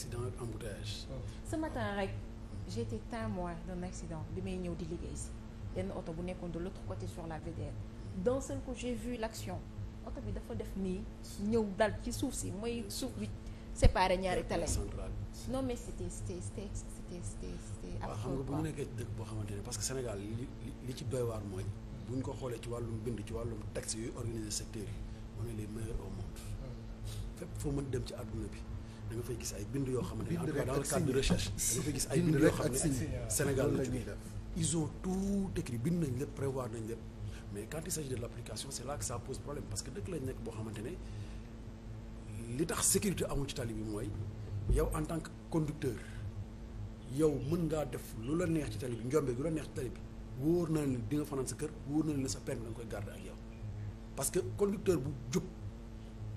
accident ak embouteillage. ce matin rek j' étais témoin d'un accident bi may ñëw di liggéey si benn oto bu nekkoon de l' autre côté sur la VDN d'un seul coup vu l' action oto bi dafa def nii ñëw dal ci suuf si mooy suuf bi séparé ñaari tali. non mais c' était c' était c' était c' était c' xam nga bu ñu nekkee ci dëkk boo xamante ne parce que Sénégal li li ci doy waar mooy. bu ñu ko xoolee ci wàllum bind ci wàllum taxe yuy organiser secteur yi on est les meilleurs au monde. Hmm. foo mën dem ci àdduna bi. da nga fay gis ay bind yoo xam ne en tout le mais quand il s'agit de l'application c'est là que ça pose problème xamante ne li tax sécurité amul ci tali bi mooy yow en tant que conducteur yow mën ngaa def lu la neex ci tali bi njombe lu la neex ci tali bi wóor na leen di nga fanaan sa kër wóor na leen sa permis da koy garder ak yow parce que conducteur bu jub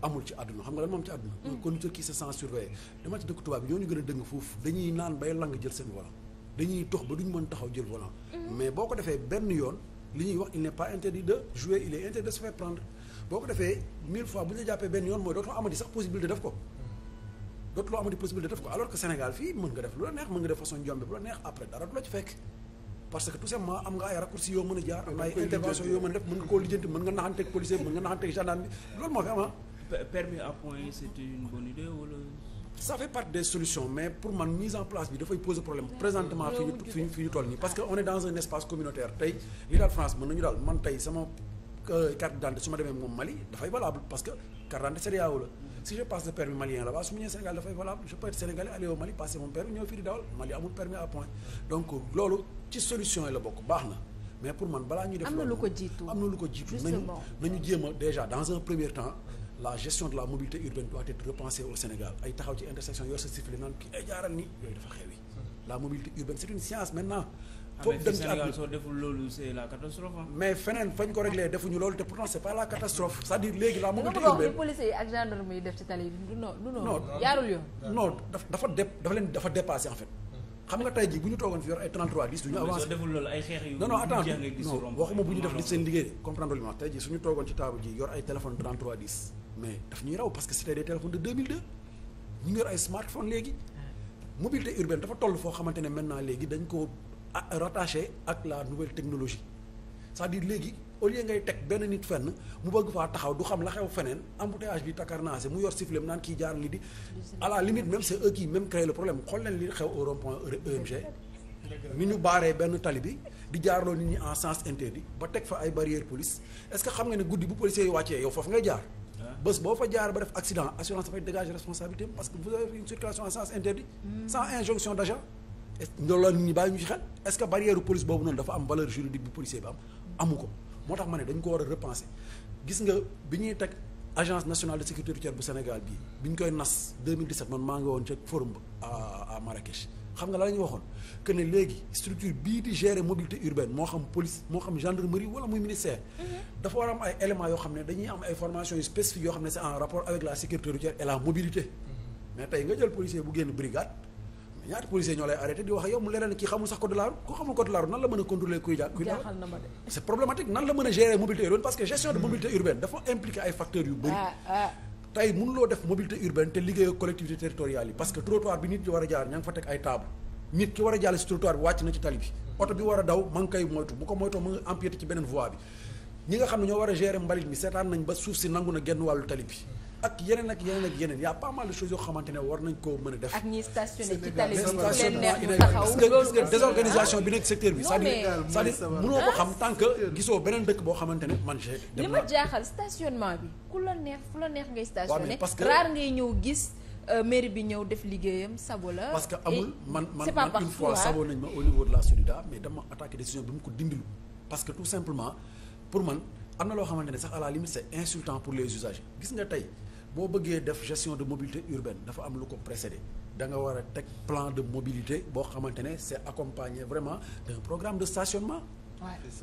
amul ci àdduna xam nga lan moom ci àdduna un mm. conducteur qui se sent surveillé dama ci dëkk tubaab bi ñoo ñu gën a dëng foofu dañuy naan bay lang jël seen volant dañuy tox ba duñ mën taxaw jël volant mm. mais boo ko defee benn yoon li ñuy wax il n'est pas interdit de jouer il est interdit de se faire prendre boo ko defee mille fois bu ñu jàppee benn yoon mooy dootoo amati sax possibilité def ko dootuloo amati possibilité def ko alors que Sénégal fii mën a permis à point yi c'était une bonne idée wala. mais pour man mise en place bi dafay poser problème présentement fi ñu fi ñu toll nii parce que on est dans un espace communautaire tey li daal France mën nañu daal man tey sama euh, carte d'identité su ma demee moom Mali dafay valable parce que carte d'identité CEDEAO la si je passe le permis malien là-bas su ma ñëwee Sénégal dafay valable je peux être sénégalais aller Mali passer mon permis ñëw fii dawal Mali amul permis à point donc loolu ci solution na mais pour man balaa ñuy def. la gestion de la mobilité urbaine doit être repensée au Sénégal ay taxaw ci intersection yor sa sifflet naan kii ay jaaral ni yooyu dafa xewi la mobilité urbaine c'est une science maintenant ah, foofu dem ci Sénégal la catastrophe mais feneen fañ ko réglé defuñu loolu te pourtant c'est la catastrophe cest dire léegi la mobilité urbaine policiers yi ak gendarme yoon non dafa dafa dafa leen dafa dépassé en fait xam nga tey jii bu ñu toogoon fi yor ay 33 10 mais daf ñuy raw parce que c'était des téléphones de 2002 ñu ngi yor ay smartphone léegi mobilité urbaine dafa toll foo xamante ne maintenant léegi dañ ko rattaché ak la nouvelle technologie c'est-à-dire léegi au lieu ngay teg benn nit fenn mu bëgg faa taxaw du xam la xew feneen embouteillage bi takar naase mu yor sifflet naan kii jaar ngi di à la limite même c'est eux qui même créent problème xool leen li xew au rond-point EMG ni ñu baaree benn tali bi di jaarloo nit ñi en sens interdit ba teg fa ay barrière police est-ce que xam nga ne guddi bu policiers yi wàccee yow foofu ngay jaar bés boo fa jaar ba def accident assurance dafay dégager responsabilité parce que vous avez une circulation en sens interdit hmm. sans injonction d'agent loolu nit ñi bàyyi ñu ci xel est-ce police boobu noonu dafa am valeur juridique bu policier bi am amu ko moo tax ma ne dañ ko war a repenser gis nga bi ñuy teg agence nationale de sécurité routière bu Sénégal bii bi ñu koy nas 2017 man woon ca forum xam nga la ñu waxoon que ne léegi structure bii di gérer mobilité urbaine moo xam police moo xam gendarmerie wala muy ministère. Mhm. dafa war am ay éléments yoo xam ne dañuy am ay formations yu spécifiques yoo xam ne c'est en rapport avec la sécurité routière et mobilité. Mhm. mais tey nga jël policier bu génn brigade ñaata policier ñoo lay arrêté di wax yow mu leneen kii xamul sax code de ku xamul code de la la mën a contrôler kuy jàll. kuy jaaxal na ma a gérer mobilité urbaine parce tey mënuloo def mobilité urbaine te liggéeyoo collectivité territoriale yi parce que trottoir bi nit ñi war a jaar ña ngi fa teg ay table nit ki war a jàll si trottoir bi wàcc na ci tali bi oto bi war a daw ma ngi moytu bu ko moytoo ma ngi empiété ci beneen voie bi ñi nga xam ne ñoo war a gérer mbalit seetaan nañ ba suuf si nangu na genn wàllu tali bi ak yeneen ak yeneen ak yeneen y' a pas mal de choses yoo xamante ne war nañ koo mën a def. ak ñi stationné ci tali bi parce que désorganisation bi nekk secteur bi. c'est-à-dire c'est-à-dire mënoo ko xam tant que gisoo beneen dëkk boo xamante ne man li ma jaaxal stationnement bi ku la neex fu la neex ngay stationné. parce que raar ngay ñëw gis. Euh, mairie bi ñëw def liggéeyam sabo la. parce que amul man man une fois sabo nañ ma au niveau de la Solida mais dama attaqué décision bi mu ko dindilu parce que tout simplement pour man am na loo xamante ne sax à la limite c'est insultant pour les usagers gis nga tey boo bëggee def gestion de mobilité urbaine dafa am lu ko précédé da nga war a teg plan de mobilité boo xamante ne c'est accompagné vraiment d'un programme de stationnement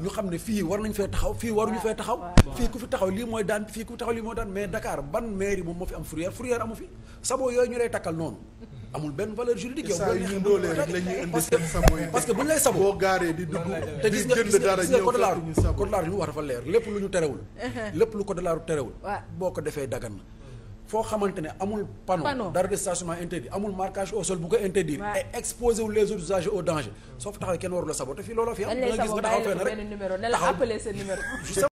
ñu xam ne fii war nañ fee taxaw fii waruñu fee taxaw fii ku fi taxaw lii mooy daan fii ku fi taxaw lii mooy daan mais Dakar ban mairie moom moo fi am fourrière fourrière amu fi saboo yooyu ñu lay takkal noonu amul benn valeur juridique yow boo neexee doole rek la ñuy indi seen sabo parce que bu ñu lay sabo boo gaaree di dugg te gis nga gis nga ko defee dagan foo xamante ne amul panneau d'arrêt de stationnement interdit amul marquage au sol bu ko interdire et exposer les autres usagers au danger soo fa taxawee kenn warul la sabote fii looloo am da nga gis nga taxaw fenn rek taxaw